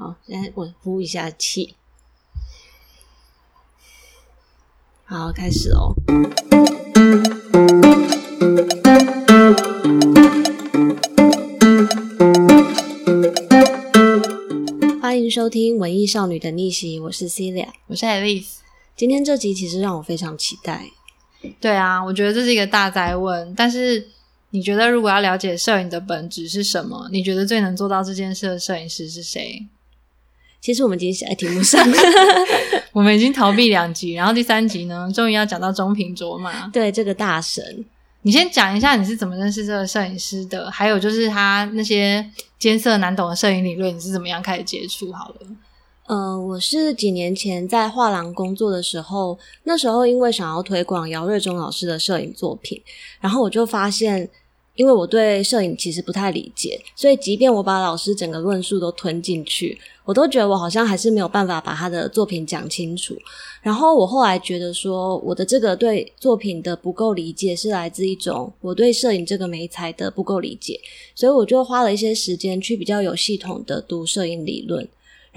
好，現在我呼一下氣。好，開始哦。歡迎收聽《文藝少女的逆襲》，我是 Celia，我是 Alice。今天這集其實讓我非常期待。對啊，我覺得這是一個大哉問。但是，你覺得如果要了解攝影的本質是什麼？你覺得最能做到這件事的攝影師是誰？其實我們已經寫在題目上， 我們已經逃避兩集，然後第三集呢，終於要講到中平卓馬。對這個大神，你先講一下你是怎麼認識這個攝影師的？還有就是他那些艱澀難懂的攝影理論，你是怎麼樣開始接觸？好了，嗯、呃，我是幾年前在畫廊工作的時候，那時候因為想要推廣姚瑞中老師的攝影作品，然後我就發現。因為我對攝影其實不太理解，所以即便我把老師整個論述都吞進去，我都覺得我好像還是沒有辦法把他的作品講清楚。然後我後來覺得說，我的這個對作品的不夠理解，是來自一種我對攝影這個媒材的不夠理解。所以我就花了一些時間去比較有系統的讀攝影理論。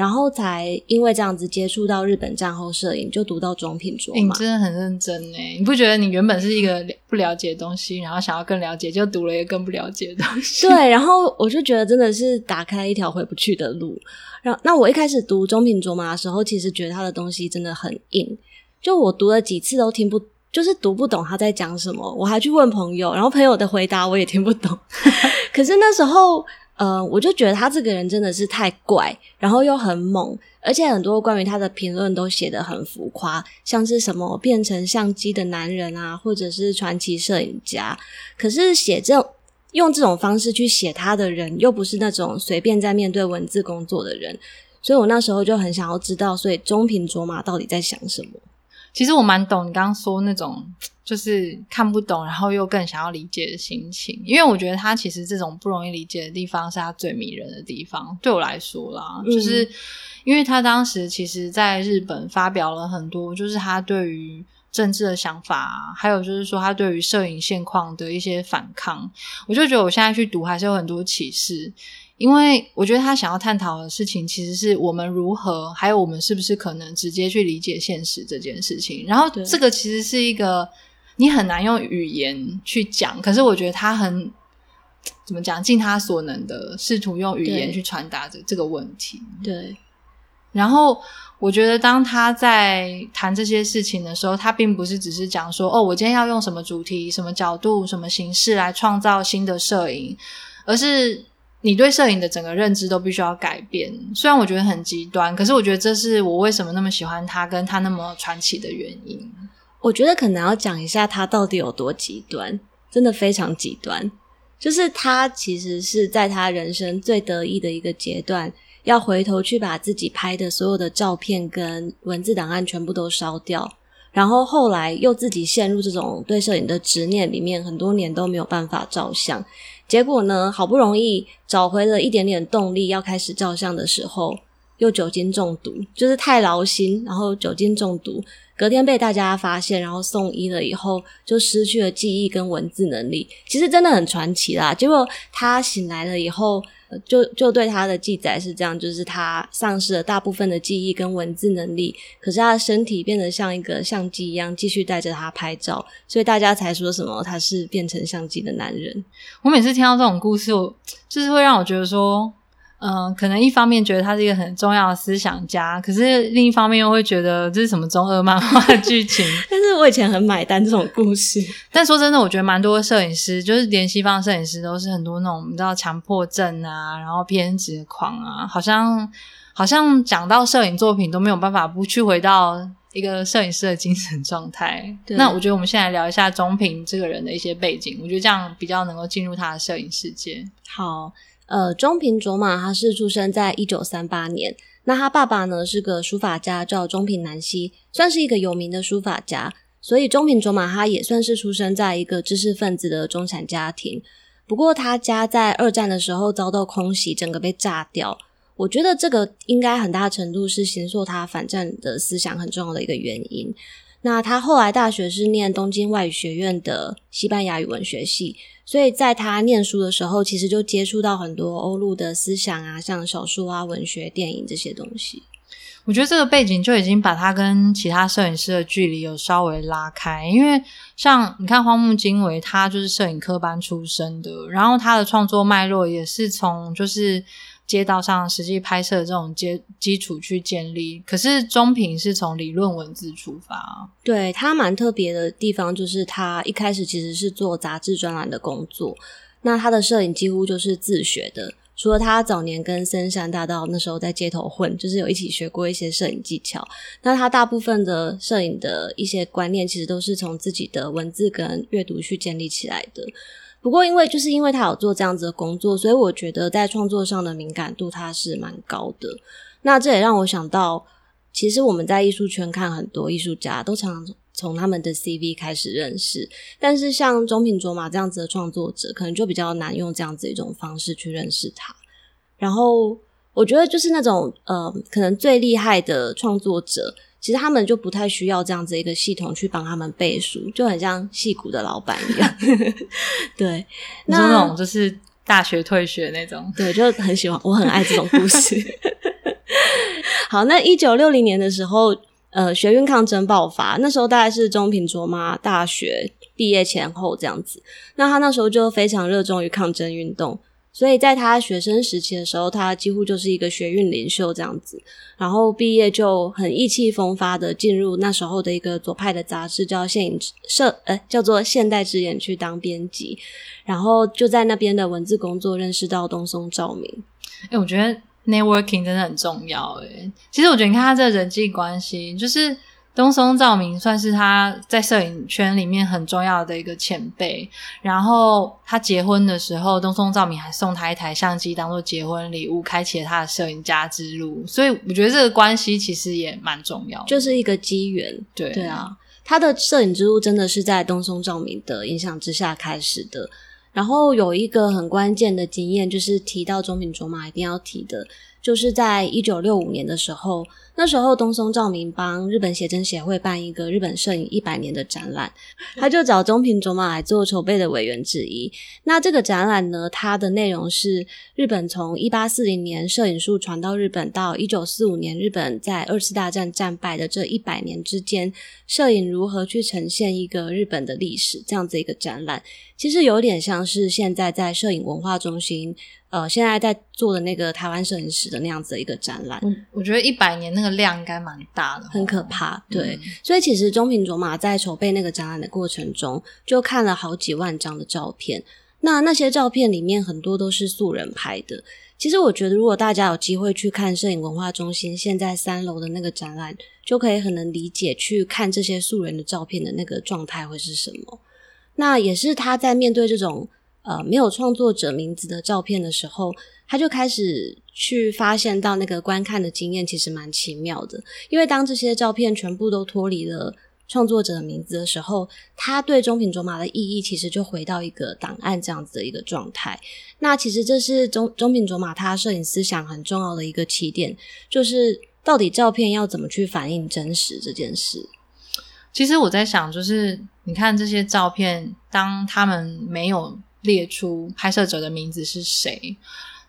然後才因為這樣子接觸到日本戰後攝影，就讀到中平卓馬。欸，你真的很認真哎！你不覺得你原本是一個不了解的東西，然後想要更了解，就讀了一個更不了解的東西？對，然後我就覺得真的是打開一條回不去的路。然後那我一開始讀中平卓馬的時候，其實覺得他的東西真的很硬，就我讀了幾次都聽不，就是讀不懂他在講什麼。我還去問朋友，然後朋友的回答我也聽不懂。 可是那時候。呃，我就覺得他這個人真的是太怪，然後又很猛，而且很多關於他的評論都寫得很浮誇，像是什麼變成相機的男人啊，或者是傳奇攝影家。可是寫這種，用這種方式去寫他的人，又不是那種隨便在面對文字工作的人，所以我那時候就很想要知道，所以中平卓馬到底在想什麼？其實我蠻懂你剛剛說那種，就是看不懂，然後又更想要理解的心情。因為我覺得他其實這種不容易理解的地方是他最迷人的地方。對我來說啦，嗯，就是因為他當時其實在日本發表了很多，就是他對於政治的想法啊，還有就是說他對於攝影現況的一些反抗。我就覺得我現在去讀還是有很多啟示。因為我覺得他想要探討的事情，其實是我們如何，還有我們是不是可能直接去理解現實這件事情。然後這個其實是一個你很難用語言去講，可是我覺得他很怎麼講，盡他所能的試圖用語言去傳達這個問題。對。然後我覺得當他在談這些事情的時候，他並不是只是講說哦，我今天要用什麼主題、什麼角度、什麼形式來創造新的攝影，而是。你對攝影的整個認知都必須要改變，雖然我覺得很極端，可是我覺得這是我為什麼那麼喜歡他跟他那麼傳奇的原因。我覺得可能要講一下他到底有多極端，真的非常極端。就是他其實是在他人生最得意的一個階段，要回頭去把自己拍的所有的照片跟文字檔案全部都燒掉，然後後來又自己陷入這種對攝影的執念裡面，很多年都沒有辦法照相。結果呢，好不容易找回了一點點動力，要開始照相的時候。又酒精中毒，就是太勞心，然後酒精中毒，隔天被大家發現，然後送醫了以後就失去了記憶跟文字能力。其實真的很傳奇啦。結果他醒來了以後，就就對他的記載是這樣，就是他喪失了大部分的記憶跟文字能力，可是他的身體變得像一個相機一樣，繼續帶着他拍照，所以大家才說什麼他是變成相機的男人。我每次聽到這種故事，就是會讓我覺得說。嗯、呃，可能一方面覺得他是一個很重要的思想家，可是另一方面又會覺得這是什麼中二漫畫的劇情。 但是我以前很買單這種故事。 但說真的，我覺得蠻多的攝影師，就是連西方攝影師都是很多那種，你知道強迫症啊，然後偏執狂啊，好像好像講到攝影作品都沒有辦法不去回到一個攝影師的精神狀態。對。那我覺得我們先來聊一下中平這個人的一些背景，我覺得這樣比較能夠進入他的攝影世界。好。呃，中平卓瑪，他是出生在一九三八年。那他爸爸呢是個書法家，叫中平南希，算是一個有名的書法家。所以中平卓瑪他也算是出生在一個知識分子的中產家庭。不過他家在二戰的時候遭到空襲，整個被炸掉。我覺得這個應該很大程度是形塑他反戰的思想很重要的一個原因。那他後來大學是念東京外語學院的西班牙語文學系，所以在他念書的時候，其實就接觸到很多歐陸的思想啊，像小說啊、文學、電影這些東西。我覺得這個背景就已經把他跟其他攝影師的距離有稍微拉開，因為像你看荒木經惟，他就是攝影科班出身的，然後他的創作脈絡也是從就是，街道上實際拍攝，這種基基礎去建立，可是中平是從理論文字出發。對，他蠻特別的地方，就是他一開始其實是做雜誌專欄的工作。那他的攝影幾乎就是自學的，除了他早年跟森山大道那時候在街頭混，就是有一起學過一些攝影技巧。那他大部分的攝影的一些觀念，其實都是從自己的文字跟閱讀去建立起來的。不過，因為就是因為他有做這樣子的工作，所以我覺得在創作上的敏感度他是蠻高的。那這也讓我想到，其實我們在藝術圈看很多藝術家，都常常從他們的 CV 開始認識。但是像中平卓馬這樣子的創作者，可能就比較難用這樣子一種方式去認識他。然後我覺得，就是那種呃，可能最厲害的創作者。其實他們就不太需要這樣子一個系統去幫他們背書，就很像戲骨的老板一樣。 對，就那，那種就是大學退學那種。對，就很喜歡，我很愛這種故事。 好，那一九六零年的時候，呃，學運抗爭爆發，那時候大概是中平卓馬大學畢業前後這樣子。那他那時候就非常熱衷於抗爭運動。所以在他學生時期的時候，他幾乎就是一個學運領袖這樣子，然後畢業就很意氣風發的進入那時候的一個左派的雜誌，叫《攝影社》，呃，叫做《現代之眼》去當編輯，然後就在那邊的文字工作，認識到東松照明。哎、欸，我覺得 networking 真的很重要。哎，其實我覺得你看他這個人際關係，就是。東松照明算是他在攝影圈裡面很重要的一個前輩，然後他結婚的時候，東松照明還送他一台相機當做結婚禮物，開啟了他的攝影家之路。所以我覺得這個關係其實也蠻重要，就是一個機緣。對對啊，他的攝影之路真的是在東松照明的影響之下開始的。然後有一個很關鍵的經驗，就是提到中平卓馬一定要提的。就是在一九六五年的時候，那時候東松照明幫日本寫真協會辦一個日本攝影一百年的展覽，他 就找中平卓馬來做籌備的委員之一。那這個展覽呢，它的內容是日本從一八四零年攝影術傳到日本到一九四五年日本在二次大戰戰敗的這一百年之間，攝影如何去呈現一個日本的歷史這樣子一個展覽，其實有點像是現在在攝影文化中心。呃，現在在做的那個台灣攝影師的那樣子的一個展覽。嗯，我覺得一百年那個量應該蠻大的，很可怕。對，嗯、所以其實中平卓馬在籌備那個展覽的過程中，就看了好幾萬張的照片。那那些照片裡面很多都是素人拍的。其實我覺得，如果大家有機會去看攝影文化中心現在三樓的那個展覽，就可以很能理解去看這些素人的照片的那個狀態會是什麼。那也是他在面對這種。呃，沒有創作者名字的照片的時候，他就開始去發現到那個觀看的經驗其實蠻奇妙的。因為當這些照片全部都脫離了創作者的名字的時候，他對中平卓馬的意義其實就回到一個檔案這樣子的一個狀態。那其實這是中中平卓馬他攝影思想很重要的一個起點，就是到底照片要怎麼去反映真實這件事。其實我在想，就是你看這些照片，當他們沒有。列出拍攝者的名字是誰，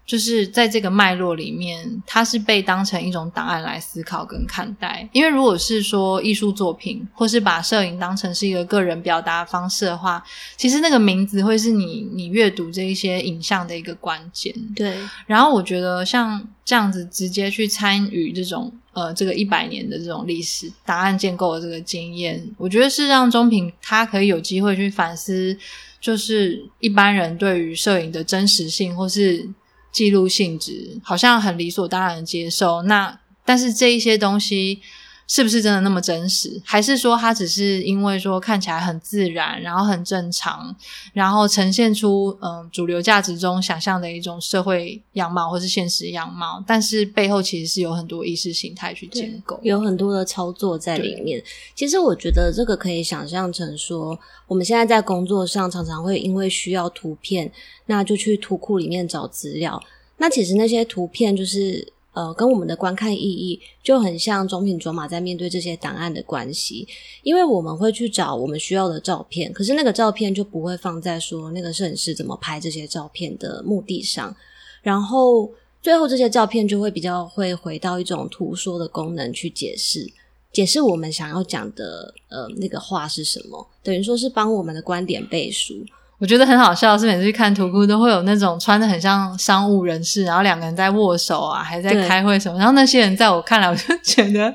就是在這個脈絡裡面，它是被當成一種檔案來思考跟看待。因為如果是說藝術作品，或是把攝影當成是一個個人表達方式的話，其實那個名字會是你你閱讀這一些影像的一個關鍵。對。然後我覺得像這樣子直接去參與這種呃這個一百年的這種歷史檔案建構的這個經驗，我覺得是讓中平他可以有機會去反思。就是一般人對於攝影的真實性或是記錄性質，好像很理所當然接受。那但是這一些東西。是不是真的那麼真實？還是說它只是因為說看起來很自然，然後很正常，然後呈現出嗯、呃、主流價值中想象的一種社會樣貌或是現實樣貌？但是背後其實是有很多意識形態去建構，有很多的操作在裡面。其實我覺得這個可以想象成說，我們現在在工作上常常會因為需要圖片，那就去圖庫裡面找資料。那其實那些圖片就是。呃，跟我們的觀看意義就很像，中平卓馬在面對這些檔案的關係，因為我們會去找我們需要的照片，可是那個照片就不會放在說那個攝影師怎麼拍這些照片的目的上，然後最後這些照片就會比較會回到一種圖說的功能去解釋，解釋我們想要講的呃那個話是什麼，等於說是幫我們的觀點背書。我覺得很好笑，是每次去看圖庫都會有那種穿得很像商務人士，然後兩個人在握手啊，還在開會什麼，然後那些人在我看來，我就覺得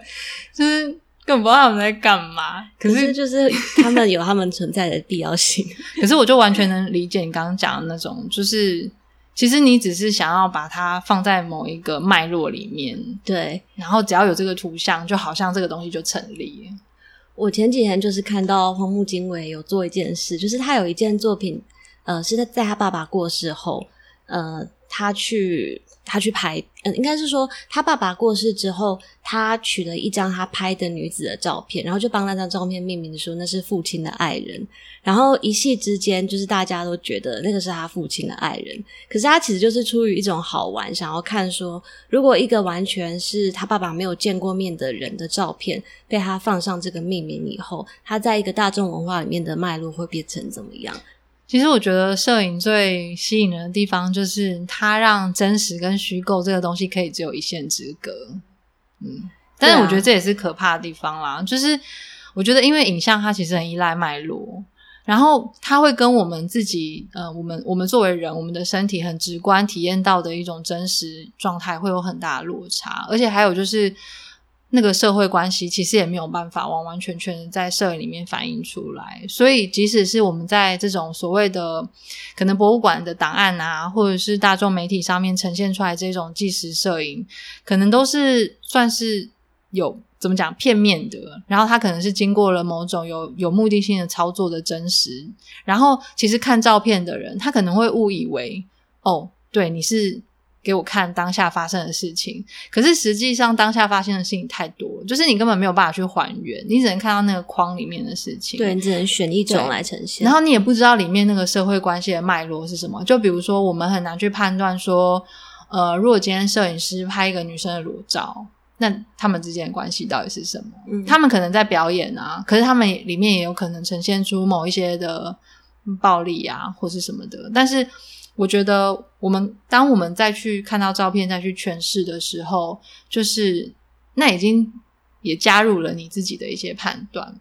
就是更不知道他們在幹嘛。可是，可是就是他們有他們存在的必要性。 可是我就完全能理解你剛剛講的那種，就是其實你只是想要把它放在某一個脈絡裡面，對，然後只要有這個圖像，就好像這個東西就成立了。我前幾天就是看到荒木經惟有做一件事，就是他有一件作品，呃，是在在他爸爸過世後，呃，他去。他去拍，嗯，應該是說他爸爸過世之後，他取了一張他拍的女子的照片，然後就幫那張照片命名說那是父親的愛人，然後一夕之間就是大家都覺得那個是他父親的愛人，可是他其實就是出於一種好玩，想要看說如果一個完全是他爸爸沒有見過面的人的照片被他放上這個命名以後，他在一個大眾文化裡面的脈絡會變成怎麼樣？其實我覺得攝影最吸引人的地方，就是它讓真實跟虛構這個東西可以只有一線之隔。嗯，但是我覺得這也是可怕的地方啦。對啊。就是我覺得，因為影像它其實很依賴脈絡，然後它會跟我們自己，呃，我們我們作為人，我們的身體很直觀體驗到的一種真實狀態會有很大的落差，而且還有就是。那個社會關係其實也沒有辦法完完全全的在攝影裡面反映出來，所以即使是我們在這種所謂的可能博物館的檔案啊，或者是大眾媒體上面呈現出來這種紀實攝影，可能都是算是有怎麼講片面的。然後它可能是經過了某種有有目的性的操作的真實，然後其實看照片的人，他可能會誤以為哦，對你是。給我看當下發生的事情，可是實際上當下發生的事情太多，就是你根本沒有辦法去還原，你只能看到那個框裡面的事情，對，你只能選一種來呈現。然後你也不知道裡面那個社會關係的脈絡是什麼。就比如說，我們很難去判斷說，呃，如果今天攝影師拍一個女生的裸照，那他們之間的關係到底是什麼？嗯。他們可能在表演啊，可是他們裡面也有可能呈現出某一些的暴力啊，或是什麼的，但是。我覺得我們當我們再去看到照片，再去詮釋的時候，就是那已經也加入了你自己的一些判斷。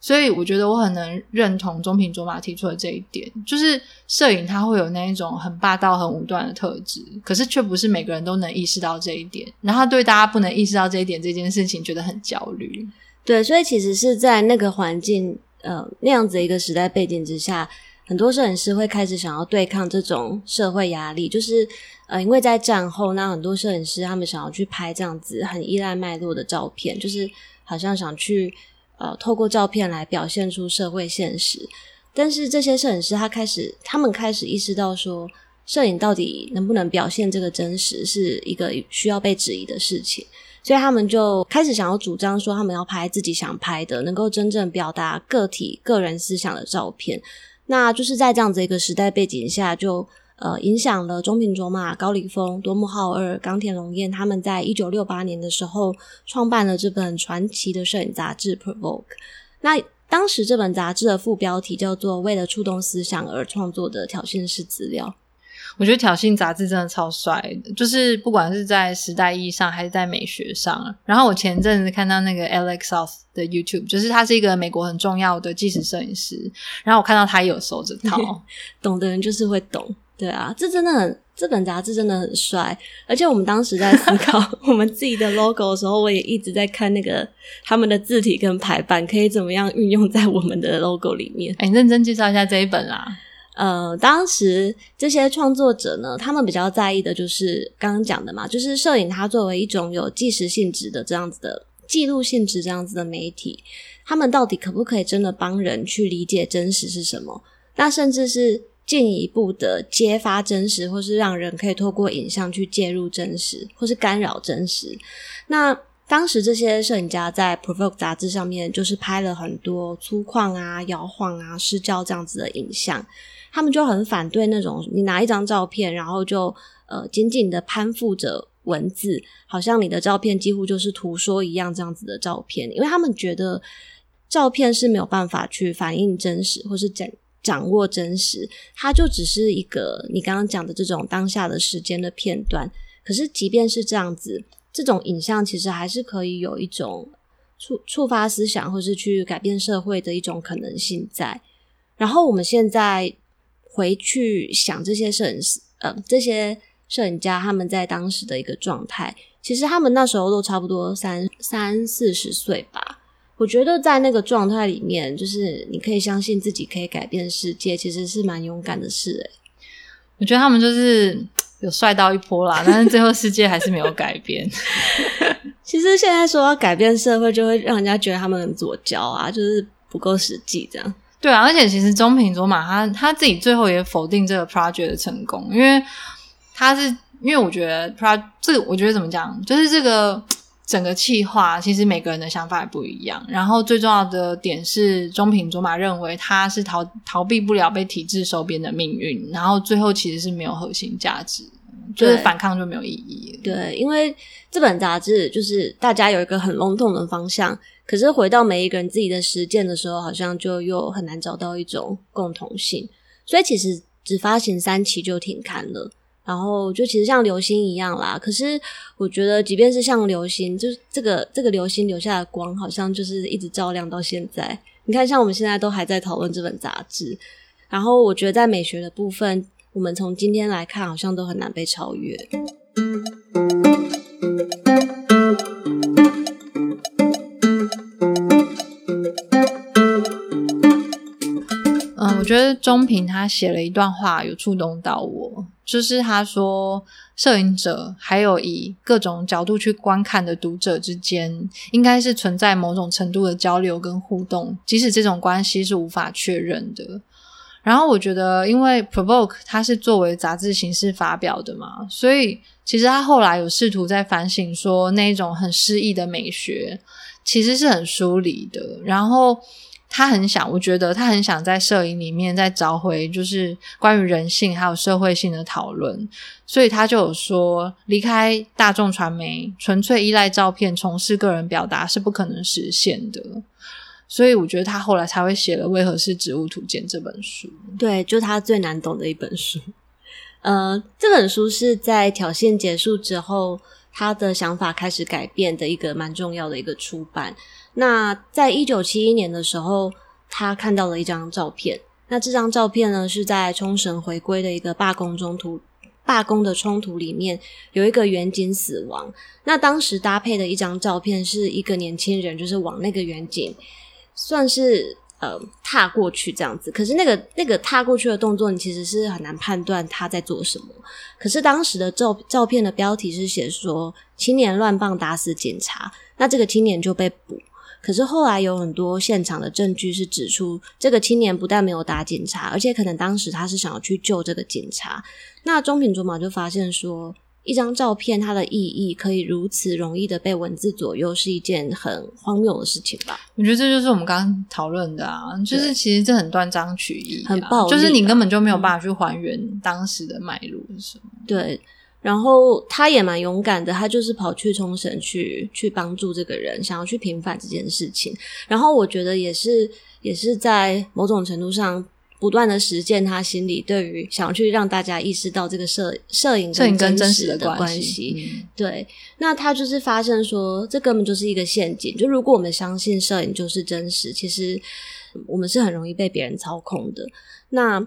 所以我覺得我很能認同中平卓馬提出的這一點，就是攝影它會有那一種很霸道，很武斷的特質，可是卻不是每個人都能意識到這一點。然後對大家不能意識到這一點這件事情覺得很焦慮。對，所以其實是在那個環境，呃，那樣子一個時代背景之下。很多攝影師會開始想要對抗這種社會壓力，就是呃，因為在戰後，那很多攝影師他們想要去拍這樣子很依賴脈絡的照片，就是好像想去呃透過照片來表現出社會現實。但是這些攝影師他開始，他們開始意識到說，攝影到底能不能表現這個真實，是一個需要被質疑的事情。所以他們就開始想要主張說，他們要拍自己想拍的，能夠真正表達個體、個人思想的照片。那就是在這樣子一個時代背景下就，就呃影響了中平卓馬、高梨豐、多木浩二、岡田龍彥，他們在一九六八年的時候創辦了這本傳奇的攝影雜誌《PROVOKE》。那當時這本雜誌的副標題叫做“為了觸動思想而創作的挑釁式資料”。我覺得挑釁雜誌真的超帥，就是不管是在時代意義上還是在美學上。然後我前陣子看到那個 Alec Soth 的 YouTube，就是他是一個美國很重要的紀實攝影師。然後我看到他也有收這套，懂的人就是會懂。對啊，這真的很，這本雜誌真的很帥。而且我們當時在思考我們自己的 logo 的時候， 我也一直在看那個他們的字體跟排版可以怎麼樣運用在我們的 logo 裡面。哎、欸，認真介紹一下這一本啦、啊。呃，當時這些創作者呢，他們比較在意的就是剛剛講的嘛，就是攝影它作為一種有即時性質的這樣子的記錄性質這樣子的媒體，他們到底可不可以真的幫人去理解真實是什麼？那甚至是進一步的揭發真實，或是讓人可以透過影像去介入真實，或是干擾真實？那當時這些攝影家在《Provoke》雜誌上面，就是拍了很多粗獷啊、搖晃啊、失焦這樣子的影像。他們就很反對那種你拿一張照片，然後就呃緊緊的攀附着文字，好像你的照片幾乎就是圖說一樣這樣子的照片，因為他們覺得照片是沒有辦法去反映真實或是掌掌握真實，它就只是一個你剛剛講的這種當下的時間的片段。可是，即便是這樣子，這種影像其實還是可以有一種觸觸發思想或是去改變社會的一種可能性在。然後我們現在。回去想這些攝影師，呃，這些攝影家他們在當時的一個狀態，其實他們那時候都差不多三三四十歲吧。我覺得在那個狀態裡面，就是你可以相信自己可以改變世界，其實是蠻勇敢的事，欸。誒。我覺得他們就是有帥到一波啦，但是最後世界還是沒有改變。 其實現在說要改變社會，就會讓人家覺得他們很左膠啊，就是不夠實際這樣。對啊，而且其實中平卓馬他他自己最後也否定這個 project 的成功，因為他是因為我覺得 project，我覺得怎麼講，就是這個整個企劃其實每個人的想法也不一樣。然後最重要的點是，中平卓馬認為他是逃逃避不了被體制收編的命運，然後最後其實是沒有核心價值。就是反抗就沒有意義。對。對，因為這本雜誌就是大家有一個很籠統的方向，可是回到每一個人自己的實踐的時候，好像就又很難找到一種共同性。所以其實只發行三期就停刊了，然後就其實像流星一樣啦。可是我覺得，即便是像流星，就是這個這個流星留下的光，好像就是一直照亮到現在。你看，像我們現在都還在討論這本雜誌，然後我覺得在美學的部分。我們從今天來看，好像都很難被超越。嗯，我覺得中平他寫了一段話，有觸動到我，就是他說，攝影者還有以各種角度去觀看的讀者之間，應該是存在某種程度的交流跟互動，即使這種關係是無法確認的。然後我覺得，因為《PROVOKE》它是作為雜誌形式發表的嘛，所以其實他後來有試圖在反省說，那一種很詩意的美學其實是很疏離的。然後他很想，我覺得他很想在攝影裡面再找回，就是關於人性還有社會性的討論。所以他就有說，離開大眾傳媒，純粹依賴照片從事個人表達是不可能實現的。所以我覺得他後來才會寫了《為何是植物圖鑑》這本書。對，就他最難懂的一本書。呃，這本書是在挑釁結束之後，他的想法開始改變的一個蠻重要的一個出版。那在一九七一年的時候，他看到了一張照片。那這張照片呢，是在沖繩回歸的一個罷工中途，罷工的衝突裡面有一個員警死亡。那當時搭配的一張照片是一個年輕人，就是往那個員警。算是呃，踏過去這樣子，可是那個那個踏過去的動作，你其實是很難判斷他在做什麼。可是當時的照照片的標題是寫說青年亂棒打死警察，那這個青年就被捕。可是後來有很多現場的證據是指出，這個青年不但沒有打警察，而且可能當時他是想要去救這個警察。那中平卓馬就發現說。一張照片，它的意義可以如此容易的被文字左右，是一件很荒謬的事情吧？我覺得這就是我們剛剛討論的，啊。就是其實這很斷章取義、啊，很暴，就是你根本就沒有辦法去還原當時的脈絡是什麼、嗯。對，然後他也蠻勇敢的，他就是跑去沖繩去去幫助這個人，想要去平反這件事情。然後我覺得也是，也是在某種程度上。不斷的實踐，他心裡對於想去讓大家意識到這個攝攝影，所跟真實的關係，的關係、嗯，對。那他就是發現說，這根本就是一個陷阱。就如果我們相信攝影就是真實，其實我們是很容易被別人操控的。那。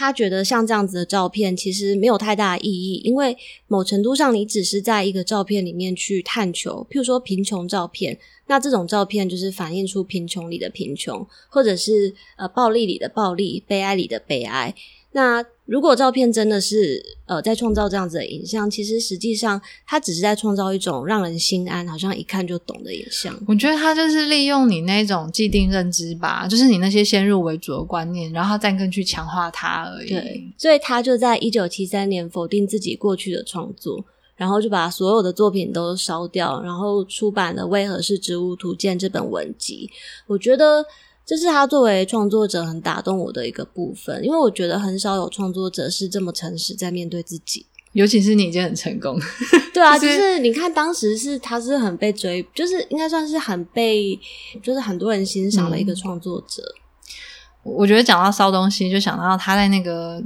他覺得像這樣子的照片其實沒有太大意義，因為某程度上你只是在一個照片裡面去探求，譬如說貧窮照片，那這種照片就是反映出貧窮裡的貧窮，或者是呃暴力裡的暴力，悲哀裡的悲哀，那。如果照片真的是呃在創造這樣子的影像，其實實際上他只是在創造一種讓人心安、好像一看就懂的影像。我覺得他就是利用你那種既定認知吧，就是你那些先入為主的觀念，然後再更去強化它而已。對，所以他就在一九七三年否定自己過去的創作，然後就把所有的作品都燒掉，然後出版了《為何是植物圖鑑》這本文集。我覺得。這、就是他作為創作者很打動我的一個部分，因為我覺得很少有創作者是這麼誠實在面對自己，尤其是你已經很成功。 對啊，就是你看當時是他是很被追，就是應該算是很被就是很多人欣賞的一個創作者、嗯。我覺得講到燒東西，就想到他在那個《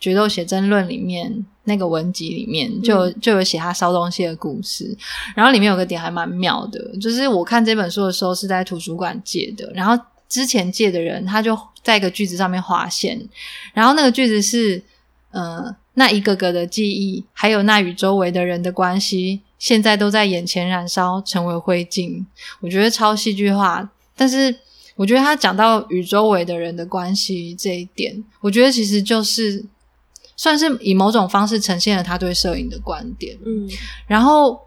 決鬥寫真論》裡面那個文集裡面，就有就有寫他燒東西的故事。然後裡面有個點還蠻妙的，就是我看這本書的時候是在圖書館借的，然後。之前借的人，他就在一個句子上面劃線，然後那個句子是：嗯、呃，那一個個的記憶，還有那與周圍的人的關係，現在都在眼前燃燒，成為灰燼。我覺得超戲劇化，但是我覺得他講到與周圍的人的關係這一點，我覺得其實就是算是以某種方式呈現了他對攝影的觀點。嗯，然後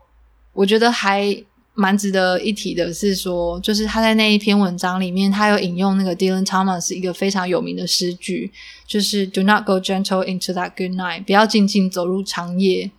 我覺得還。蠻值得一提的是說，說就是他在那一篇文章裡面，他有引用那個 Dylan Thomas 一個非常有名的詩句，就是 Do not go gentle into that good night，不要靜靜走入長夜。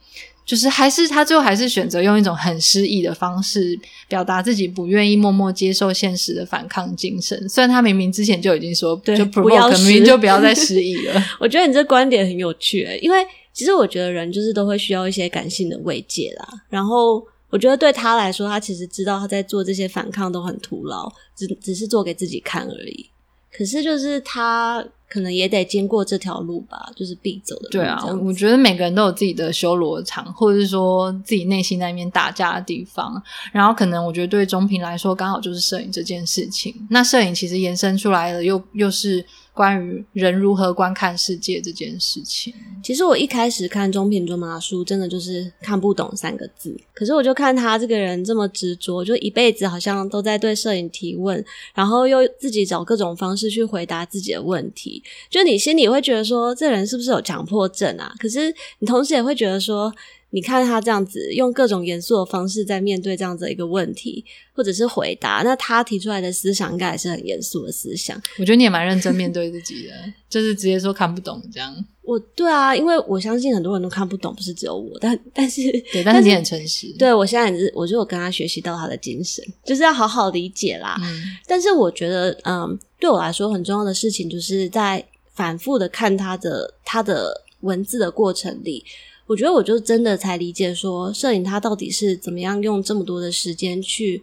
就是還是他最後還是選擇用一種很失意的方式表達自己不願意默默接受現實的反抗精神。雖然他明明之前就已經說，對就不要明明就不要再失意了。 我覺得你這觀點很有趣，因為其實我覺得人就是都會需要一些感性的慰藉啦，然後。我覺得對他來說，他其實知道他在做這些反抗都很徒勞，只只是做給自己看而已。可是就是他可能也得經過這條路吧，就是必走的路。對啊，我覺得每個人都有自己的修羅場，或者是說自己內心在那邊打架的地方。然後可能我覺得對中平來說，剛好就是攝影這件事情。那攝影其實延伸出來的又又是關於人如何觀看世界這件事情，其實我一開始看中平卓馬的書，真的就是看不懂三個字。可是我就看他這個人這麼執着，就一輩子好像都在對攝影提問，然後又自己找各種方式去回答自己的問題。就你心裡會覺得說，這人是不是有強迫症啊？可是你同時也會覺得說，你看他這樣子，用各種嚴肅的方式在面對這樣子一個問題，或者是回答。那他提出來的思想應該也是很嚴肅的思想。我覺得你也蠻認真面對自己的， 就是直接說看不懂這樣。我，對啊，因為我相信很多人都看不懂，不是只有我。但但是對，但是你很誠實。對，我現在也是，我就有跟他學習到他的精神，就是要好好理解啦。嗯。但是我覺得，嗯，對我來說很重要的事情，就是在反覆的看他的他的文字的過程裡。我覺得我就真的才理解說，攝影它到底是怎麼樣用這麼多的時間去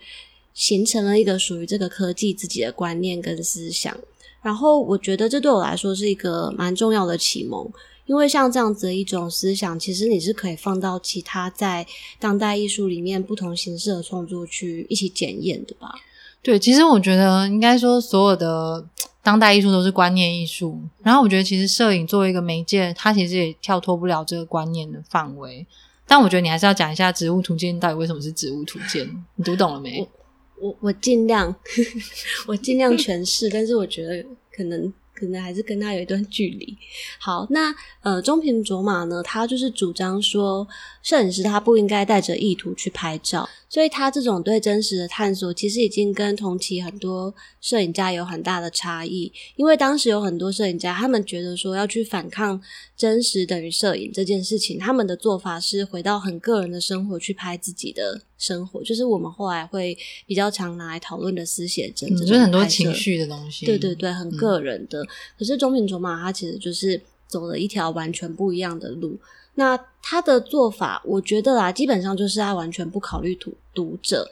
形成了一個屬於這個科技自己的觀念跟思想。然後我覺得這對我來說是一個蠻重要的啟蒙，因為像這樣子的一種思想，其實你是可以放到其他在當代藝術裡面不同形式的創作去一起檢驗的吧？對，其實我覺得應該說所有的。當代藝術都是觀念藝術，然後我覺得其實攝影作為一個媒介，它其實也跳脫不了這個觀念的範圍。但我覺得你還是要講一下《植物圖鑑》到底為什麼是《植物圖鑑》，你讀懂了沒？我我盡量， 我盡量詮釋， 但是我覺得可能。可能還是跟他有一段距離。好，那呃，中平卓馬呢？他就是主張說，攝影師他不應該帶着意圖去拍照，所以他這種對真實的探索，其實已經跟同期很多攝影家有很大的差異。因為當時有很多攝影家，他們覺得說要去反抗“真實等於攝影”這件事情，他們的做法是回到很個人的生活去拍自己的生活就是我們後來會比較常拿來討論的私寫真，嗯嗯，就是很多情緒的東西，對對對，很個人的。嗯、可是中平卓馬他其實就是走了一條完全不一樣的路。那他的做法，我覺得啦，啊，基本上就是他完全不考慮讀讀者，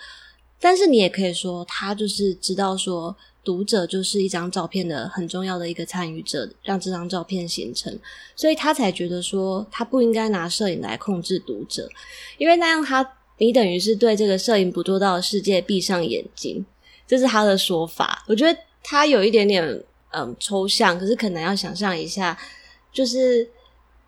但是你也可以說他就是知道說讀者就是一張照片的很重要的一個參與者，讓這張照片形成，所以他才覺得說他不應該拿攝影來控制讀者，因為那樣他。你等於是對這個攝影捕捉到的世界閉上眼睛，這是他的說法。我覺得他有一點點嗯，抽象，可是可能要想象一下，就是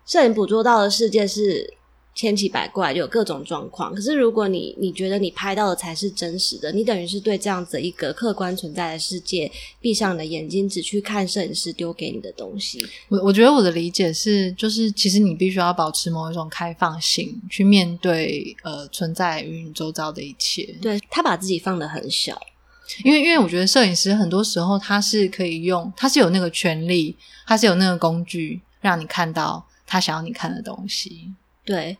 攝影捕捉到的世界是千奇百怪，就有各種狀況。可是，如果你你覺得你拍到的才是真實的，你等於是對這樣子一個客觀存在的世界閉上了眼睛，只去看攝影師丟給你的東西。我我覺得我的理解是，就是其實你必須要保持某一種開放性去面對呃存在於你周遭的一切。對，他把自己放得很小，因為因為我覺得攝影師很多時候他是可以用，他是有那個權利，他是有那個工具讓你看到他想要你看的東西。對。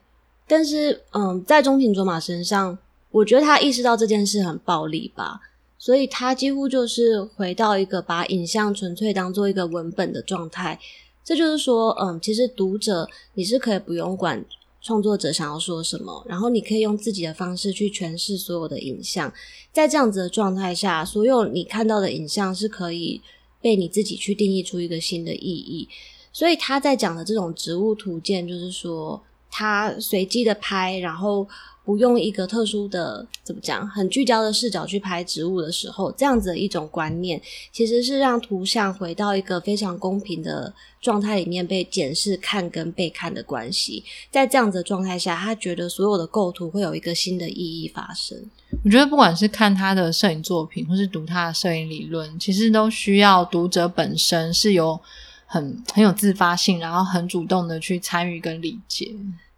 但是，嗯，在中平卓馬身上，我覺得他意識到這件事很暴力吧，所以他幾乎就是回到一個把影像純粹當做一個文本的狀態。這就是說，嗯，其實讀者你是可以不用管創作者想要說什麼，然後你可以用自己的方式去詮釋所有的影像。在這樣子的狀態下，所有你看到的影像是可以被你自己去定義出一個新的意義。所以他在講的這種植物圖鑑，就是說。他隨機的拍，然後不用一個特殊的怎麼講，很聚焦的視角去拍植物的時候，這樣子的一種觀念，其實是讓圖像回到一個非常公平的狀態裡面，被檢視、看跟被看的關係。在這樣子的狀態下，他覺得所有的構圖會有一個新的意義發生。我覺得不管是看他的攝影作品，或是讀他的攝影理論，其實都需要讀者本身是有很很有自發性，然後很主動的去參與跟理解。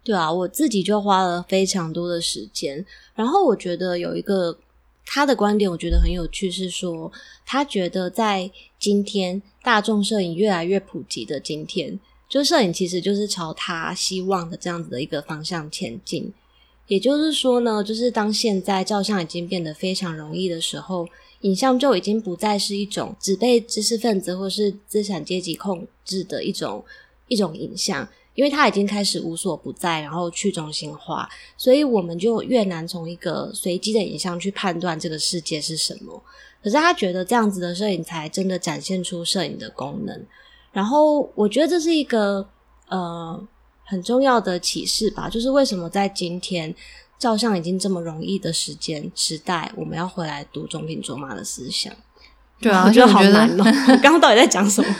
對啊，我自己就花了非常多的時間。然後我覺得有一個他的觀點，我覺得很有趣，是說他覺得在今天大眾攝影越來越普及的今天，就攝影其實就是朝他希望的這樣子的一個方向前進。也就是說呢，就是當現在照相已經變得非常容易的時候，影像就已經不再是一種只被知識分子或是資產階級控制的一種一種影像。因為他已經開始無所不在，然後去中心化，所以我們就越難從一個隨機的影像去判斷這個世界是什麼。可是他覺得這樣子的攝影才真的展現出攝影的功能。然後我覺得這是一個呃很重要的啟示吧，就是為什麼在今天照相已經這麼容易的時間時代，我們要回來讀中平卓馬的思想？對啊，我覺得好難哦！ 剛剛到底在講什麼？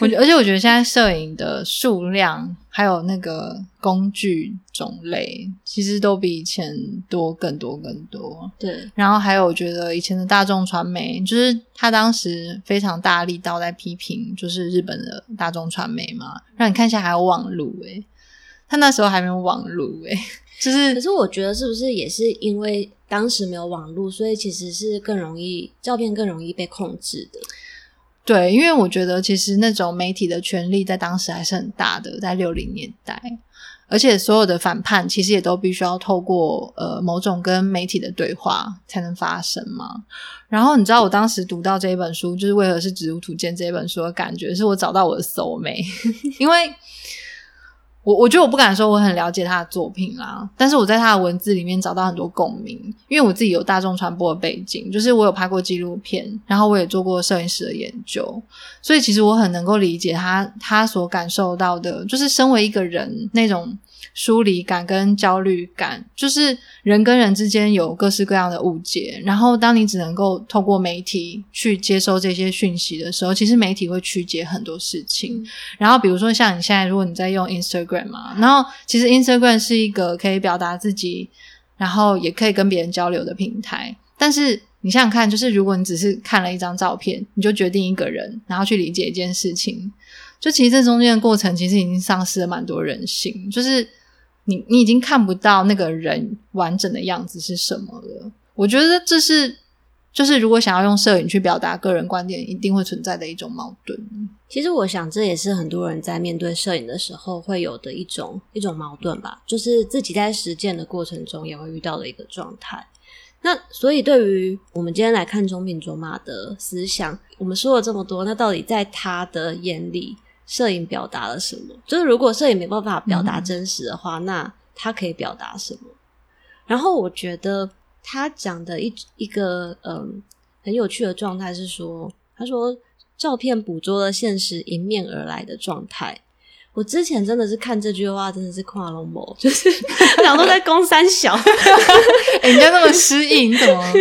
我覺得，而且我覺得現在攝影的數量還有那個工具種類，其實都比以前多更多更多。對，然後還有我覺得以前的大眾傳媒，就是他當時非常大力道在批評，就是日本的大眾傳媒嘛，讓你看一下還有網路欸，他那時候還沒有網路欸，就是。可是我覺得是不是也是因為當時沒有網路，所以其實是更容易照片更容易被控制的。對，因為我覺得其實那種媒體的權力在當時還是很大的，在六零年代，而且所有的反叛其實也都必須要透過呃某種跟媒體的對話才能發生嘛。然後你知道我當時讀到這一本書，就是《為何是植物圖鑑》這一本書的感覺，是我找到我的 soulmate， 因為。我我覺得我不敢說我很了解他的作品啦，但是我在他的文字裡面找到很多共鳴，因為我自己有大眾傳播的背景，就是我有拍過紀錄片，然後我也做過攝影師的研究，所以其實我很能夠理解他，他所感受到的，就是身為一個人那種。疏離感跟焦慮感，就是人跟人之間有各式各樣的誤解。然後，當你只能夠透過媒體去接收這些訊息的時候，其實媒體會曲解很多事情。然後，比如說像你現在，如果你在用 Instagram 嘛，然後其實 Instagram 是一個可以表達自己，然後也可以跟別人交流的平台。但是你想想看，就是如果你只是看了一張照片，你就決定一個人，然後去理解一件事情，就其實這中間的過程，其實已經喪失了蠻多人性，就是。你你已經看不到那個人完整的樣子是什麼了。我覺得這是，就是如果想要用攝影去表達個人觀點，一定會存在的一種矛盾。其實我想，這也是很多人在面對攝影的時候會有的一種一種矛盾吧、嗯，就是自己在實踐的過程中也會遇到的一個狀態。那所以，對於我們今天來看中平卓馬的思想，我們說了這麼多，那到底在他的眼裡，攝影表達了什麼？就是如果攝影沒辦法表達真實的話、嗯，那它可以表達什麼？然後我覺得他講的一一個嗯很有趣的狀態是說，他說照片捕捉了現實迎面而來的狀態。我之前真的是看這句話，真的是跨了膜，就是兩說，想在公三小？哎、 欸，人家那麼詩意，你懂嗎？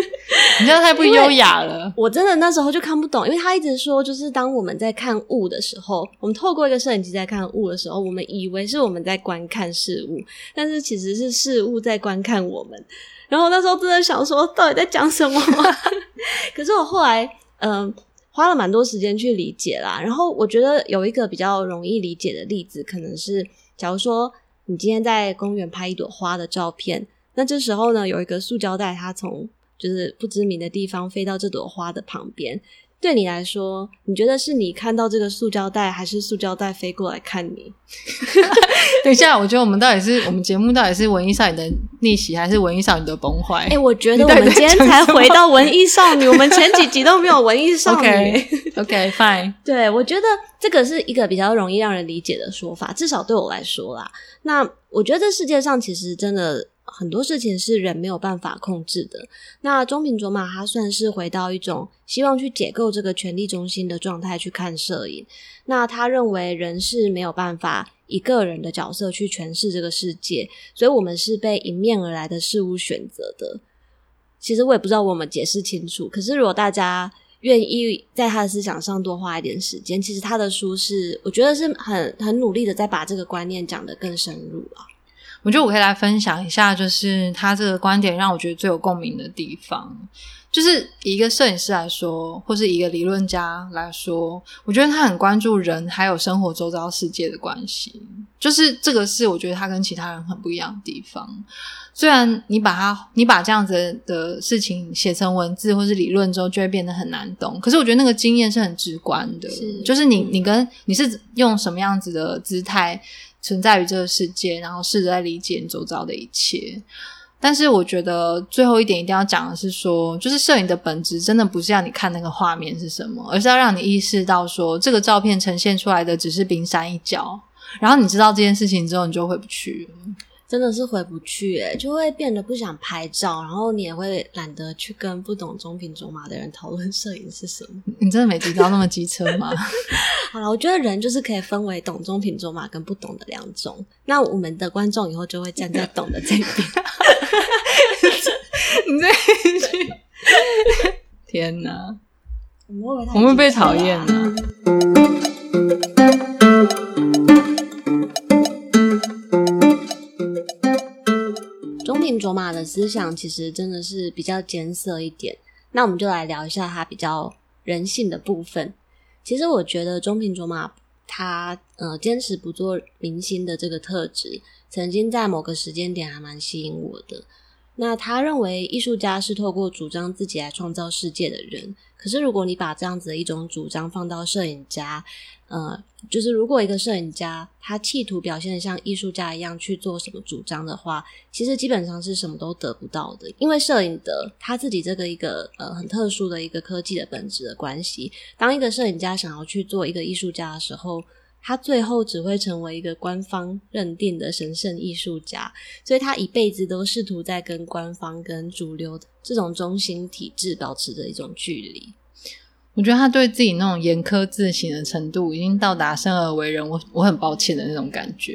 你這樣太不優雅了。我真的那時候就看不懂，因為他一直說，就是當我們在看物的時候，我們透過一個攝影機在看物的時候，我們以為是我們在觀看事物，但是其實是事物在觀看我們。然後那時候真的想說，到底在講什麼嗎？ 可是我後來，嗯、呃。花了蠻多時間去理解啦，然後我覺得有一個比較容易理解的例子，可能是假如說你今天在公園拍一朵花的照片，那這時候呢，有一個塑膠袋它從就是不知名的地方飛到這朵花的旁邊。對你來說，你覺得是你看到這個塑膠袋，還是塑膠袋飛過來看你？ 等一下，我覺得我們到底是我們節目到底是文藝少女的逆襲，還是文藝少女的崩壞？哎、欸，我覺得我們今天才回到文藝少女，我們前幾集都沒有文藝少女。 Okay, okay, fine。對，我覺得這個是一個比較容易讓人理解的說法，至少對我來說啦。那我覺得這世界上其實真的。很多事情是人沒有辦法控制的。那中平卓馬他算是回到一種希望去解構這個權力中心的狀態去看攝影。那他認為人是沒有辦法一個人的角色去詮釋這個世界，所以我們是被迎面而來的事物選擇的。其實我也不知道我們解釋清楚，可是如果大家願意在他的思想上多花一點時間，其實他的書是我覺得是很很努力的在把這個觀念講得更深入了，啊。我覺得我可以來分享一下，就是他這個觀點讓我覺得最有共鳴的地方，就是以一個攝影師來說，或是一個理論家來說，我覺得他很關注人還有生活周遭世界的關係，就是這個是我覺得他跟其他人很不一樣的地方。雖然你把他，你把這樣子的事情寫成文字或是理論之後，就會變得很難懂，可是我覺得那個經驗是很直觀的，就是你，你跟你是用什麼樣子的姿態。存在於這個世界，然後試着來理解你周遭的一切。但是我覺得最後一點一定要講的是說，就是攝影的本質真的不是讓你看那個畫面是什麼，而是要讓你意識到說，這個照片呈現出來的只是冰山一角。然後你知道這件事情之後，你就回不去。真的是回不去哎、欸，就會變得不想拍照，然後你也會懶得去跟不懂中平卓馬的人討論攝影是什麼。你真的沒提到那麼機車嗎？ 好了，我覺得人就是可以分為懂中平卓馬跟不懂的兩種。那我們的觀眾以後就會站在懂的這邊。你這一句，天哪！我們被討厭了、啊。中平卓瑪的思想其實真的是比較艱澀一點，那我們就來聊一下他比較人性的部分。其實我覺得中平卓瑪他呃堅持不做明星的這個特質，曾經在某個時間點還蠻吸引我的。那他認為藝術家是透過主張自己來創造世界的人，可是如果你把這樣子的一種主張放到攝影家。呃，就是如果一個攝影家他企圖表現得像藝術家一樣去做什麼主張的話，其實基本上是什麼都得不到的。因為攝影的他自己這個一個呃很特殊的一個科技的本質的關係，當一個攝影家想要去做一個藝術家的時候，他最後只會成為一個官方認定的神聖藝術家，所以他一輩子都試圖在跟官方、跟主流這種中心體制保持着一種距離。我覺得他對自己那種嚴苛自省的程度，已經到達生而為人，我我很抱歉的那種感覺。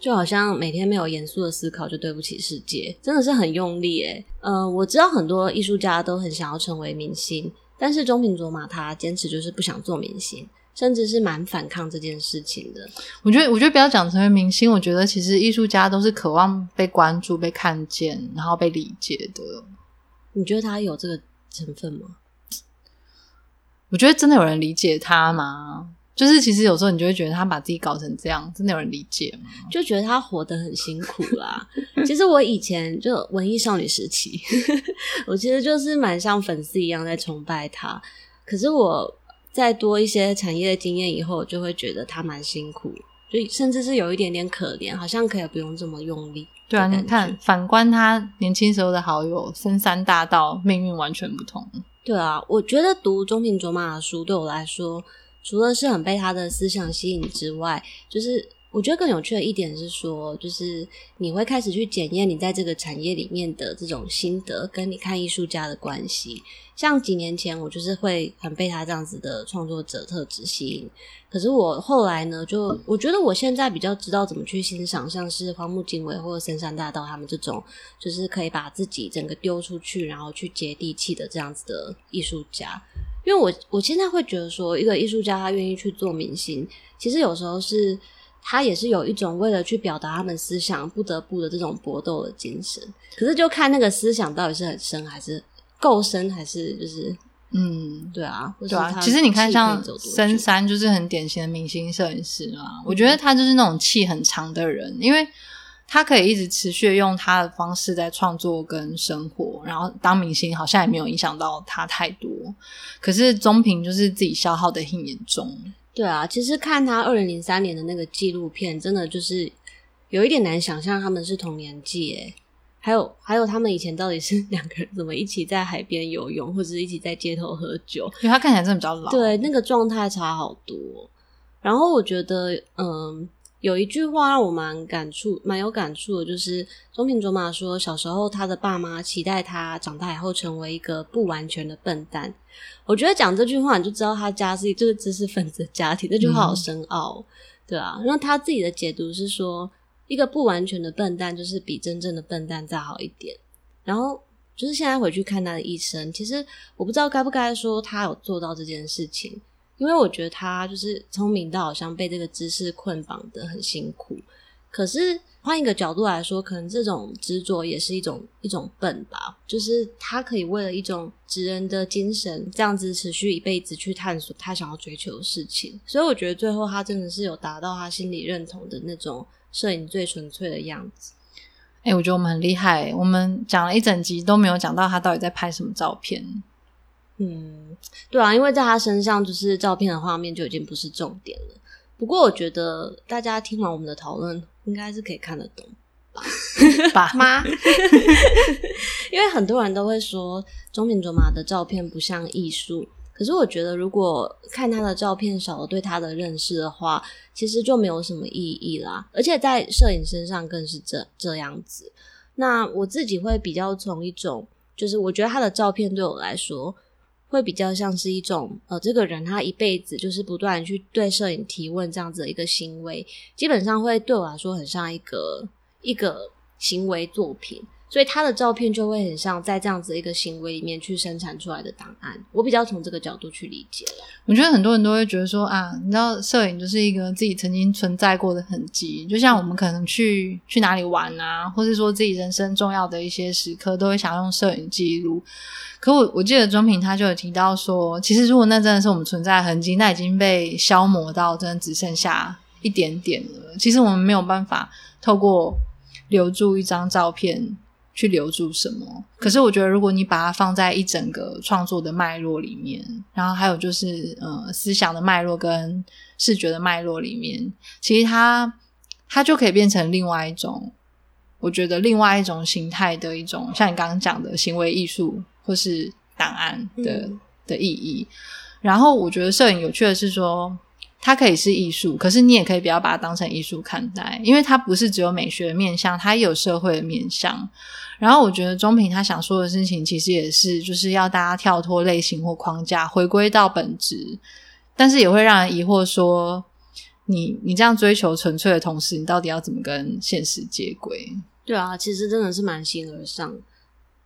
就好像每天沒有嚴肅的思考，就對不起世界，真的是很用力誒。呃，我知道很多藝術家都很想要成為明星，但是中平卓馬他堅持就是不想做明星，甚至是蠻反抗這件事情的。我覺得，我覺得不要講成為明星，我覺得其實藝術家都是渴望被關注、被看見，然後被理解的。你覺得他有這個成分嗎？我覺得真的有人理解他嗎？就是其實有時候你就會覺得他把自己搞成這樣，真的有人理解嗎？就覺得他活得很辛苦啦。 其實我以前就文藝少女時期， 我其實就是蠻像粉絲一樣在崇拜他。可是我在多一些產業經驗以後，就會覺得他蠻辛苦，所以甚至是有一點點可憐，好像可以不用這麼用力。對啊，你看，反觀他年輕時候的好友森山大道，命運完全不同。對啊，我覺得讀中平卓馬的書對我來說，除了是很被他的思想吸引之外，就是。我覺得更有趣的一點是說，就是你會開始去檢驗你在這個產業裡面的這種心得跟你看藝術家的關係。像幾年前，我就是會很被他這樣子的創作者特質吸引。可是我後來呢，就我覺得我現在比較知道怎麼去欣賞，像是荒木經惟或者森山大道他們這種，就是可以把自己整個丟出去，然後去接地氣的這樣子的藝術家。因為我我現在會覺得說，一個藝術家他願意去做明星，其實有時候是。他也是有一種為了去表達他們思想不得不的這種搏鬥的精神，可是就看那個思想到底是很深還是夠深，還是就是嗯、嗯，對啊，對啊。其實你看像森山，就是很典型的明星攝影師嘛，嗯。我覺得他就是那種氣很長的人，因為他可以一直持續用他的方式在創作跟生活，然後當明星好像也沒有影響到他太多。可是中平就是自己消耗的很嚴重。對啊，其實看他二零零三年的那個紀錄片，真的就是有一點難想象他們是同年紀誒。還有還有，他們以前到底是兩個人怎麼一起在海邊游泳，或者是一起在街頭喝酒？因為他看起來真的比較老。對，那個狀態差好多，哦。然後我覺得，嗯、呃，有一句話讓我蠻感觸，蠻有感觸的，就是中平卓馬說，小時候他的爸媽期待他長大以後成為一個不完全的笨蛋。我覺得講這句話，你就知道他家自己就是知識分子的家庭。這句話好深奧、哦嗯，對啊。那他自己的解讀是說，一個不完全的笨蛋就是比真正的笨蛋再好一點。然後就是現在回去看他的一生，其實我不知道該不該說他有做到這件事情，因為我覺得他就是聰明到好像被這個知識捆綁得很辛苦。可是換一個角度來說，可能這種執着也是一種一種笨吧。就是他可以為了一種職人的精神，這樣子持續一輩子去探索他想要追求的事情。所以我覺得最後他真的是有達到他心裡認同的那種攝影最純粹的樣子。哎、欸，我覺得我們很厲害，我們講了一整集都沒有講到他到底在拍什麼照片。嗯，對啊，因為在他身上，就是照片的畫面就已經不是重點了。不過我覺得大家聽完我們的討論，應該是可以看得懂吧， 爸媽。 因為很多人都會說中平卓馬的照片不像藝術，可是我覺得如果看他的照片少了對他的認識的話，其實就沒有什麼意義啦。而且在攝影身上更是這這樣子。那我自己會比較從一種，就是我覺得他的照片對我來說。會比較像是一種，呃，這個人他一輩子就是不斷去對攝影提問這樣子的一個行為，基本上會對我來說很像一個一個行為作品。所以他的照片就會很像在這樣子的一個行為裡面去生產出來的檔案，我比較從這個角度去理解。我覺得很多人都會覺得說啊，你知道攝影就是一個自己曾經存在過的痕跡，就像我們可能去去哪裡玩啊，或是說自己人生重要的一些時刻，都會想用攝影記錄。可我我記得中平他就有提到說，其實如果那真的是我們存在的痕跡，那已經被消磨到真的只剩下一點點了。其實我們沒有辦法透過留住一張照片。去留住什麼？可是我覺得，如果你把它放在一整個創作的脈絡裡面，然後還有就是，呃，思想的脈絡跟視覺的脈絡裡面，其實它它就可以變成另外一種，我覺得另外一種形態的一種，像你剛剛講的行為藝術或是檔案的，嗯，的意義。然後我覺得攝影有趣的是說，它可以是藝術，可是你也可以不要把它當成藝術看待，因為它不是只有美學的面向，它也有社會的面向。然後我覺得中平他想說的事情，其實也是就是要大家跳脫類型或框架，回歸到本質。但是也會讓人疑惑說，你你這樣追求純粹的同時，你到底要怎麼跟現實接軌？對啊，其實真的是蠻形而上。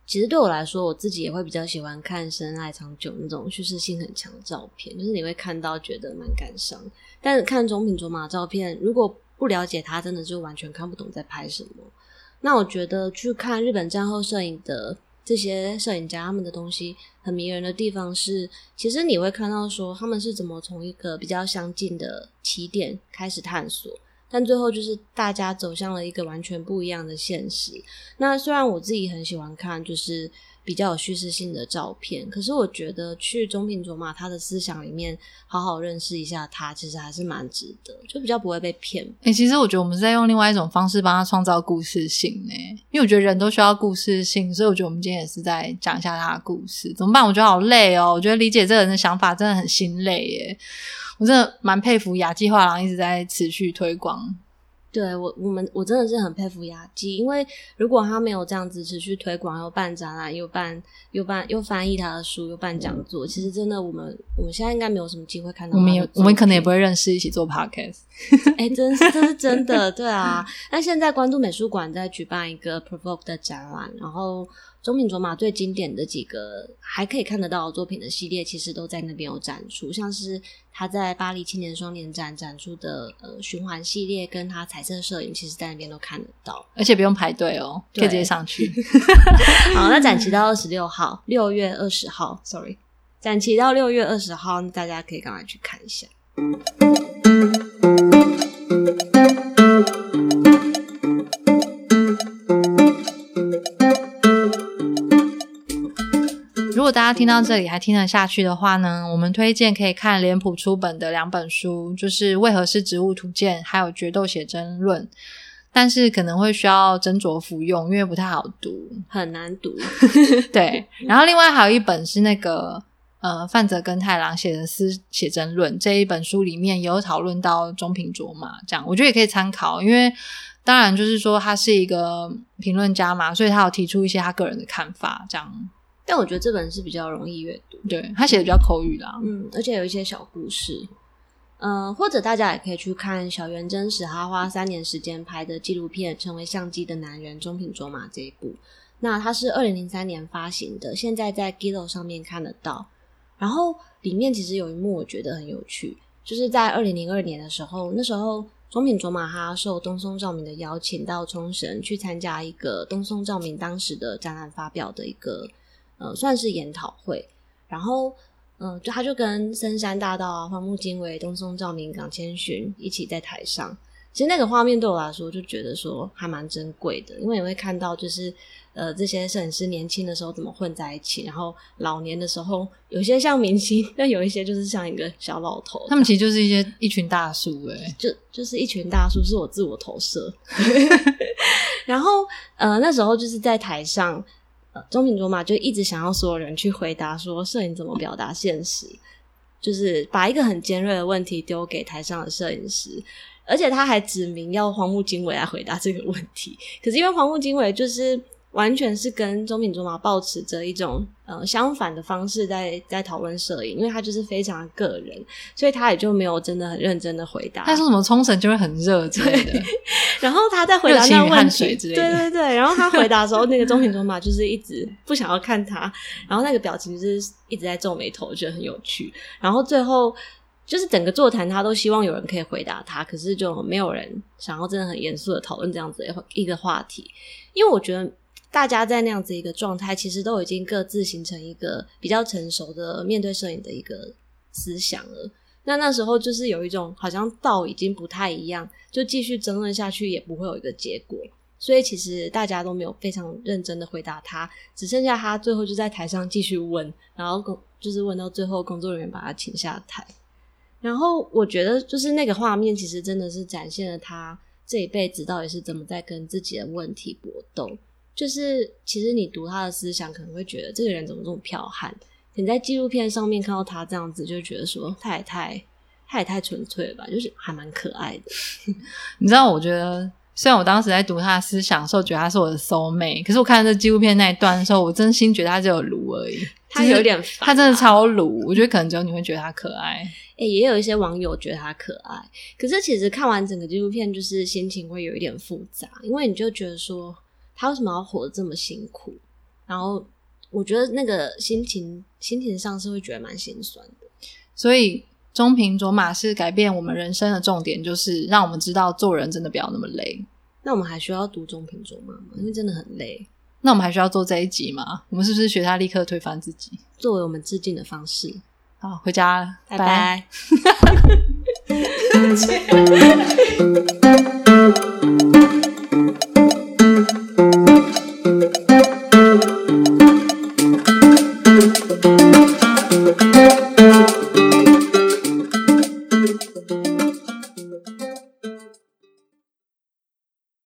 其實對我來說，我自己也會比較喜歡看《深愛長久》那種敘事性很強的照片，就是你會看到覺得蠻感傷。但是看中平卓馬的照片，如果不了解他，真的就完全看不懂在拍什麼。那我覺得去看日本戰後攝影的這些攝影家他們的東西，很迷人的地方是，其實你會看到說他們是怎麼從一個比較相近的起點開始探索，但最後就是大家走向了一個完全不一樣的現實。那雖然我自己很喜歡看，就是。比較有敘事性的照片，可是我覺得去中平卓馬他的思想裡面好好認識一下他，其實還是蠻值得，就比較不會被騙。誒，其實我覺得我們是在用另外一種方式幫他創造故事性誒，因為我覺得人都需要故事性，所以我覺得我們今天也是在講一下他的故事。怎麼辦？我覺得好累哦，我覺得理解這個人的想法真的很心累耶，我真的蠻佩服亞紀畫廊一直在持續推廣。對我，我們，我真的是很佩服雅集，因為如果他沒有這樣子持續推廣，又辦展覽，又辦又辦又翻譯他的書，又辦講座，嗯、其實真的，我們我們現在應該沒有什麼機會看到的。我們有我們可能也不會認識，一起做 podcast。哎、 欸，真是，這是真的，對啊。那 現在關渡美術館在舉辦一個 provoke 的展覽，然後中平卓馬最經典的幾個還可以看得到的作品的系列，其實都在那邊有展出，像是。他在巴黎青年雙年展展出的呃循環系列，跟他彩色攝影，其實在那邊都看得到，而且不用排隊哦，可以直接上去。 好，那展期到二十六號，六月二十號 ，sorry，展期到六月二十號，那大家可以趕快去看一下。 聽到這裡還聽得下去的話呢，我們推薦可以看臉譜出本的兩本書，就是《為何是植物圖鑑》還有《決鬥寫真論》，但是可能會需要斟酌服用，因為不太好讀，很難讀。 對， 然後另外還有一本是那個呃，范澤跟太郎寫的《是寫真論》，這一本書裡面也有討論到中平卓馬。這樣，我覺得也可以參考，因為當然就是說他是一個評論家嘛，所以他有提出一些他個人的看法這樣。但我覺得這本是比較容易閱讀，對，他寫的比較口語啦、啊，嗯，而且有一些小故事，呃，或者大家也可以去看小原真史他花三年時間拍的紀錄片《成為相機的男人》中平卓馬這一部。那它是二零零三年發行的，現在在 GILO 上面看得到。然後裡面其實有一幕我覺得很有趣，就是在二零零二年的時候，那時候中平卓馬他受東松照明的邀請到沖繩去參加一個東松照明當時的展覽發表的一個。呃，算是研討會，然後嗯、呃，就他就跟深山大道啊、荒木經惟、東松照明、港千尋一起在台上。其實那個畫面對我來說就覺得說還蠻珍貴的，因為也會看到就是呃這些攝影師年輕的時候怎麼混在一起，然後老年的時候有些像明星，但有一些就是像一個小老頭。他們其實就是一些一群大叔誒、欸、就就是一群大叔，是我自我投射。 然後呃那時候就是在台上。呃，中平卓馬就一直想要所有人去回答說攝影怎麼表達現實，就是把一個很尖銳的問題丟給台上的攝影師，而且他還指明要荒木經惟來回答這個問題。可是因為荒木經惟就是。完全是跟中平卓馬保持着一種呃相反的方式在在討論攝影，因為他就是非常個人，所以他也就沒有真的很認真的回答。他說什麼沖繩就會很熱之類的。對，然後他在回答那個問題，汗水之類的。對對對，然後他回答的時候， 那個中平卓馬就是一直不想要看他，然後那個表情就是一直在皺眉頭，覺得很有趣。然後最後就是整個座談，他都希望有人可以回答他，可是就沒有人想要真的很嚴肅的討論這樣子一個話題，因為我覺得。大家在那樣子一個狀態，其實都已經各自形成一個比較成熟的面對攝影的一個思想了。那那時候就是有一種好像道已經不太一樣，就繼續爭論下去也不會有一個結果，所以其實大家都沒有非常認真的回答他，只剩下他最後就在台上繼續問，然後工就是問到最後工作人員把他請下台。然後我覺得就是那個畫面，其實真的是展現了他這一輩子到底是怎麼在跟自己的問題搏鬥。就是，其實你讀他的思想，可能會覺得這個人怎麼這麼剽悍。你在紀錄片上面看到他這樣子，就覺得說他也太，他也太純粹了吧，就是還蠻可愛的。 你知道，我覺得雖然我當時在讀他的思想的時候，覺得他是我的 soulmate，可是我看了這紀錄片那一段的時候，我真心覺得他只有盧而已。他、 就是、有點煩，他真的超盧。我覺得可能只有你會覺得他可愛。哎、欸，也有一些網友覺得他可愛，可是其實看完整個紀錄片，就是心情會有一點複雜，因為你就覺得說。他為什麼要活得這麼辛苦？然後我覺得那個心情，心情上是會覺得蠻心酸的。所以中平卓馬是改變我們人生的重點，就是讓我們知道做人真的不要那麼累。那我們還需要讀中平卓馬嗎？因為真的很累。那我們還需要做這一集嗎？我們是不是學他立刻推翻自己，作為我們致敬的方式？好，回家了，拜拜。拜拜